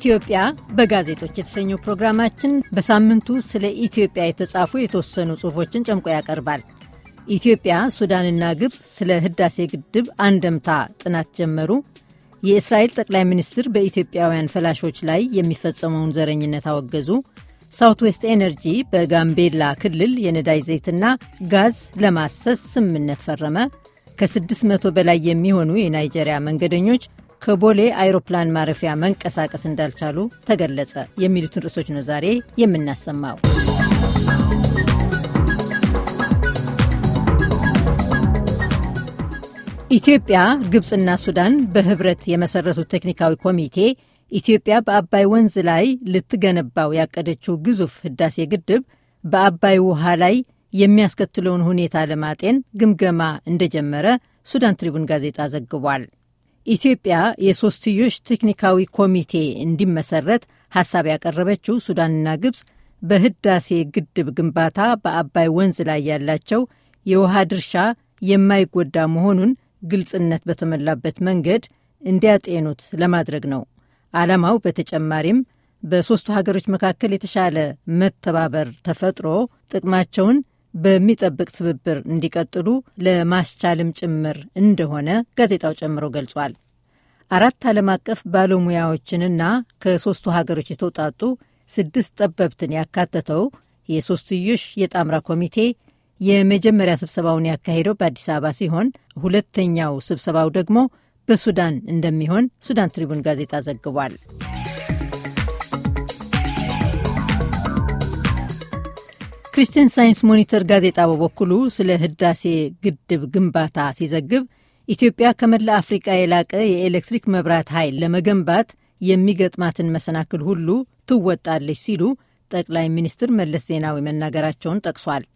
ኢትዮጵያ በጋዜጦች የተሰኘው ፕሮግራማችን በሳምንቱ ስለ ኢትዮጵያ የተጻፉ የተወሰኑ ጽሑፎችን ጨምቆ ያቀርባል። ኢትዮጵያ፣ ሱዳንና ግብፅ ስለ ህዳሴ ግድብ አንደምታ ጥናት ጀመሩ፣ የእስራኤል ጠቅላይ ሚኒስትር በኢትዮጵያውያን ፈላሾች ላይ የሚፈጸመውን ዘረኝነት አወገዙ፣ ሳውት ዌስት ኤነርጂ በጋምቤላ ክልል የነዳጅ ዘይትና ጋዝ ለማሰስ ስምምነት ፈረመ፣ ከ600 በላይ የሚሆኑ የናይጄሪያ መንገደኞች ከቦሌ አይሮፕላን ማረፊያ መንቀሳቀስ እንዳልቻሉ ተገለጸ። የሚሉትን ርዕሶች ነው ዛሬ የምናሰማው። ኢትዮጵያ፣ ግብፅና ሱዳን በህብረት የመሰረቱት ቴክኒካዊ ኮሚቴ ኢትዮጵያ በአባይ ወንዝ ላይ ልትገነባው ያቀደችው ግዙፍ ህዳሴ ግድብ በአባይ ውሃ ላይ የሚያስከትለውን ሁኔታ ለማጤን ግምገማ እንደጀመረ ሱዳን ትሪቡን ጋዜጣ ዘግቧል። ኢትዮጵያ የሶስትዮሽ ቴክኒካዊ ኮሚቴ እንዲመሰረት ሀሳብ ያቀረበችው ሱዳንና ግብፅ በህዳሴ ግድብ ግንባታ በአባይ ወንዝ ላይ ያላቸው የውሃ ድርሻ የማይጎዳ መሆኑን ግልጽነት በተሞላበት መንገድ እንዲያጤኑት ለማድረግ ነው። ዓላማው በተጨማሪም በሦስቱ ሀገሮች መካከል የተሻለ መተባበር ተፈጥሮ ጥቅማቸውን በሚጠብቅ ትብብር እንዲቀጥሉ ለማስቻልም ጭምር እንደሆነ ጋዜጣው ጨምሮ ገልጿል። አራት ዓለም አቀፍ ባለሙያዎችንና ከሦስቱ ሀገሮች የተውጣጡ ስድስት ጠበብትን ያካተተው የሦስትዮሽ የጣምራ ኮሚቴ የመጀመሪያ ስብሰባውን ያካሄደው በአዲስ አበባ ሲሆን ሁለተኛው ስብሰባው ደግሞ በሱዳን እንደሚሆን ሱዳን ትሪቡን ጋዜጣ ዘግቧል። ክርስቲያን ሳይንስ ሞኒተር ጋዜጣ በበኩሉ ስለ ህዳሴ ግድብ ግንባታ ሲዘግብ ኢትዮጵያ ከመላ አፍሪቃ የላቀ የኤሌክትሪክ መብራት ኃይል ለመገንባት የሚገጥማትን መሰናክል ሁሉ ትወጣለች ሲሉ ጠቅላይ ሚኒስትር መለስ ዜናዊ መናገራቸውን ጠቅሷል።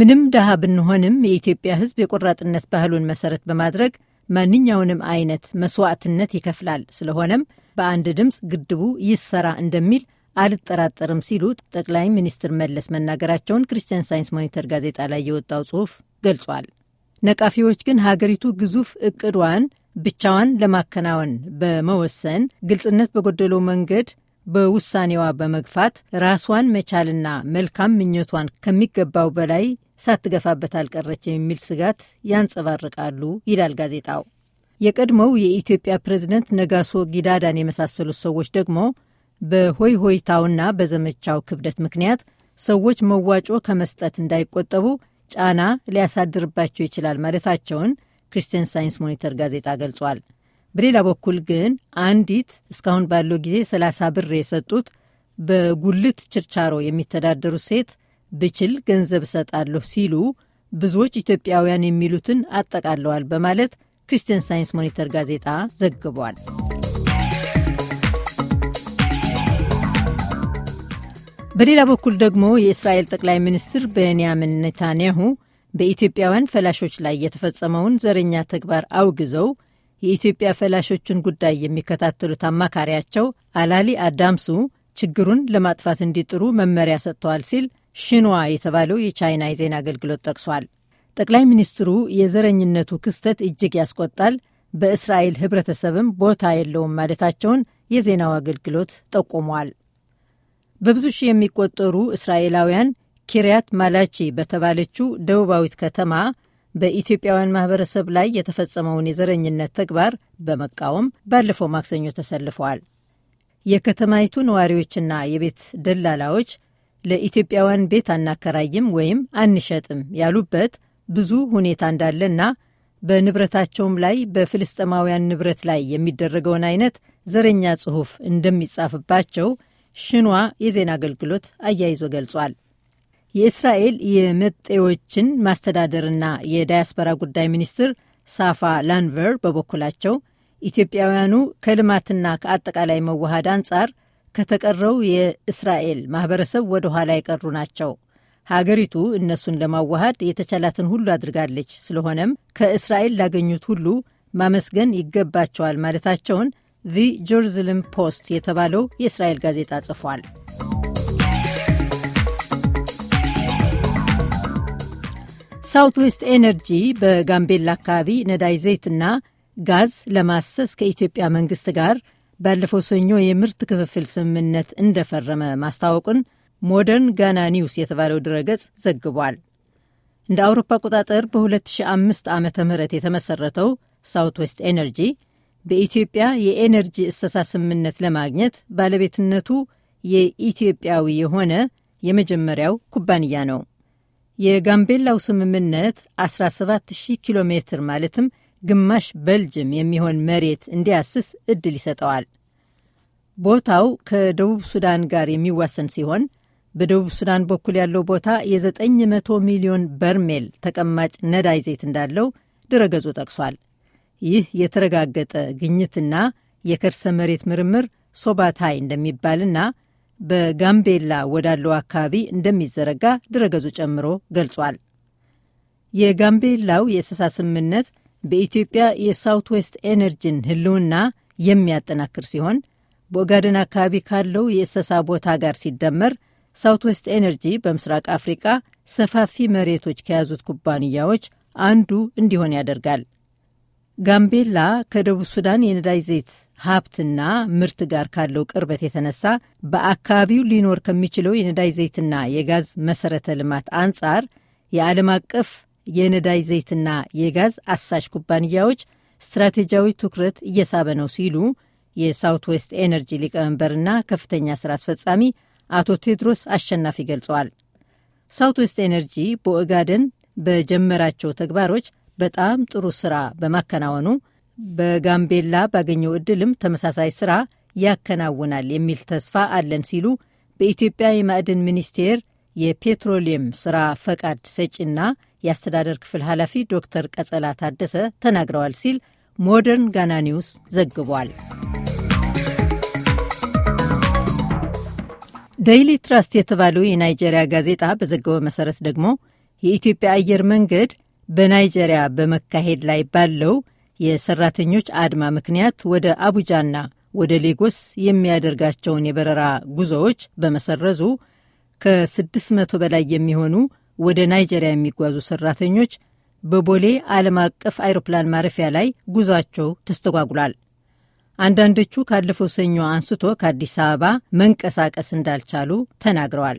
ምንም ድሃ ብንሆንም የኢትዮጵያ ህዝብ የቆራጥነት ባህሉን መሰረት በማድረግ ማንኛውንም አይነት መስዋዕትነት ይከፍላል። ስለሆነም በአንድ ድምፅ ግድቡ ይሰራ እንደሚል አልጠራጠርም ሲሉ ጠቅላይ ሚኒስትር መለስ መናገራቸውን ክርስቲያን ሳይንስ ሞኒተር ጋዜጣ ላይ የወጣው ጽሑፍ ገልጿል። ነቃፊዎች ግን ሀገሪቱ ግዙፍ እቅዷን ብቻዋን ለማከናወን በመወሰን ግልጽነት በጎደለው መንገድ በውሳኔዋ በመግፋት ራሷን መቻልና መልካም ምኞቷን ከሚገባው በላይ ሳትገፋበት አልቀረች የሚል ስጋት ያንጸባርቃሉ ይላል ጋዜጣው። የቀድሞው የኢትዮጵያ ፕሬዝደንት ነጋሶ ጊዳዳን የመሳሰሉት ሰዎች ደግሞ በሆይ ሆይታውና በዘመቻው ክብደት ምክንያት ሰዎች መዋጮ ከመስጠት እንዳይቆጠቡ ጫና ሊያሳድርባቸው ይችላል ማለታቸውን ክርስቲያን ሳይንስ ሞኒተር ጋዜጣ ገልጿል። በሌላ በኩል ግን አንዲት እስካሁን ባለው ጊዜ 30 ብር የሰጡት በጉልት ችርቻሮ የሚተዳደሩ ሴት ብችል ገንዘብ እሰጣለሁ ሲሉ ብዙዎች ኢትዮጵያውያን የሚሉትን አጠቃለዋል በማለት ክርስቲያን ሳይንስ ሞኒተር ጋዜጣ ዘግቧል። በሌላ በኩል ደግሞ የእስራኤል ጠቅላይ ሚኒስትር ቤንያሚን ኔታንያሁ በኢትዮጵያውያን ፈላሾች ላይ የተፈጸመውን ዘረኛ ተግባር አውግዘው የኢትዮጵያ ፈላሾችን ጉዳይ የሚከታተሉት አማካሪያቸው አላሊ አዳምሱ ችግሩን ለማጥፋት እንዲጥሩ መመሪያ ሰጥተዋል ሲል ሽንዋ የተባለው የቻይና የዜና አገልግሎት ጠቅሷል። ጠቅላይ ሚኒስትሩ የዘረኝነቱ ክስተት እጅግ ያስቆጣል፣ በእስራኤል ሕብረተሰብም ቦታ የለውም ማለታቸውን የዜናው አገልግሎት ጠቁሟል። በብዙ ሺህ የሚቆጠሩ እስራኤላውያን ኪርያት ማላቺ በተባለችው ደቡባዊት ከተማ በኢትዮጵያውያን ማህበረሰብ ላይ የተፈጸመውን የዘረኝነት ተግባር በመቃወም ባለፈው ማክሰኞ ተሰልፈዋል። የከተማይቱ ነዋሪዎችና የቤት ደላላዎች ለኢትዮጵያውያን ቤት አናከራይም ወይም አንሸጥም ያሉበት ብዙ ሁኔታ እንዳለና በንብረታቸውም ላይ በፍልስጥማውያን ንብረት ላይ የሚደረገውን አይነት ዘረኛ ጽሑፍ እንደሚጻፍባቸው ሽኗ የዜና አገልግሎት አያይዞ ገልጿል። የእስራኤል የመጤዎችን ማስተዳደርና የዳያስፖራ ጉዳይ ሚኒስትር ሳፋ ላንቨር በበኩላቸው ኢትዮጵያውያኑ ከልማትና ከአጠቃላይ መዋሃድ አንጻር ከተቀረው የእስራኤል ማህበረሰብ ወደ ኋላ የቀሩ ናቸው። ሀገሪቱ እነሱን ለማዋሃድ የተቻላትን ሁሉ አድርጋለች። ስለሆነም ከእስራኤል ላገኙት ሁሉ ማመስገን ይገባቸዋል ማለታቸውን ዚ ጀሩዛሌም ፖስት የተባለው የእስራኤል ጋዜጣ ጽፏል። ሳውት ዌስት ኤነርጂ በጋምቤላ አካባቢ ነዳይ ዘይትና ጋዝ ለማሰስ ከኢትዮጵያ መንግስት ጋር ባለፈው ሰኞ የምርት ክፍፍል ስምምነት እንደፈረመ ማስታወቁን ሞደርን ጋና ኒውስ የተባለው ድረገጽ ዘግቧል። እንደ አውሮፓ አቆጣጠር በ2005 ዓ ም የተመሰረተው ሳውት ዌስት ኤነርጂ በኢትዮጵያ የኤነርጂ እሰሳ ስምምነት ለማግኘት ባለቤትነቱ የኢትዮጵያዊ የሆነ የመጀመሪያው ኩባንያ ነው። የጋምቤላው ስምምነት 17000 ኪሎ ሜትር ማለትም ግማሽ በልጅም የሚሆን መሬት እንዲያስስ እድል ይሰጠዋል። ቦታው ከደቡብ ሱዳን ጋር የሚዋሰን ሲሆን በደቡብ ሱዳን በኩል ያለው ቦታ የ900 ሚሊዮን በርሜል ተቀማጭ ነዳጅ ዘይት እንዳለው ድረገጹ ጠቅሷል። ይህ የተረጋገጠ ግኝትና የከርሰ መሬት ምርምር ሶባታይ እንደሚባልና በጋምቤላ ወዳለው አካባቢ እንደሚዘረጋ ድረገጹ ጨምሮ ገልጿል። የጋምቤላው የእሰሳ ስምምነት በኢትዮጵያ የሳውት ዌስት ኤነርጂን ህልውና የሚያጠናክር ሲሆን በኦጋደን አካባቢ ካለው የእሰሳ ቦታ ጋር ሲደመር ሳውት ዌስት ኤነርጂ በምስራቅ አፍሪቃ ሰፋፊ መሬቶች ከያዙት ኩባንያዎች አንዱ እንዲሆን ያደርጋል። ጋምቤላ ከደቡብ ሱዳን የነዳጅ ዘይት ሀብትና ምርት ጋር ካለው ቅርበት የተነሳ በአካባቢው ሊኖር ከሚችለው የነዳጅ ዘይትና የጋዝ መሰረተ ልማት አንጻር የዓለም አቀፍ የነዳጅ ዘይትና የጋዝ አሳሽ ኩባንያዎች ስትራቴጂያዊ ትኩረት እየሳበ ነው ሲሉ የሳውት ዌስት ኤነርጂ ሊቀመንበርና ከፍተኛ ስራ አስፈጻሚ አቶ ቴድሮስ አሸናፊ ገልጸዋል። ሳውት ዌስት ኤነርጂ በኦጋደን በጀመራቸው ተግባሮች በጣም ጥሩ ስራ በማከናወኑ በጋምቤላ ባገኘው እድልም ተመሳሳይ ስራ ያከናውናል የሚል ተስፋ አለን ሲሉ በኢትዮጵያ የማዕድን ሚኒስቴር የፔትሮሊየም ስራ ፈቃድ ሰጪና የአስተዳደር ክፍል ኃላፊ ዶክተር ቀጸላ ታደሰ ተናግረዋል ሲል ሞደርን ጋና ኒውስ ዘግቧል። ዴይሊ ትራስት የተባለው የናይጄሪያ ጋዜጣ በዘገበ መሰረት ደግሞ የኢትዮጵያ አየር መንገድ በናይጄሪያ በመካሄድ ላይ ባለው የሰራተኞች አድማ ምክንያት ወደ አቡጃና ወደ ሌጎስ የሚያደርጋቸውን የበረራ ጉዞዎች በመሰረዙ ከ600 በላይ የሚሆኑ ወደ ናይጄሪያ የሚጓዙ ሰራተኞች በቦሌ ዓለም አቀፍ አይሮፕላን ማረፊያ ላይ ጉዟቸው ተስተጓጉሏል። አንዳንዶቹ ካለፈው ሰኞ አንስቶ ከአዲስ አበባ መንቀሳቀስ እንዳልቻሉ ተናግረዋል።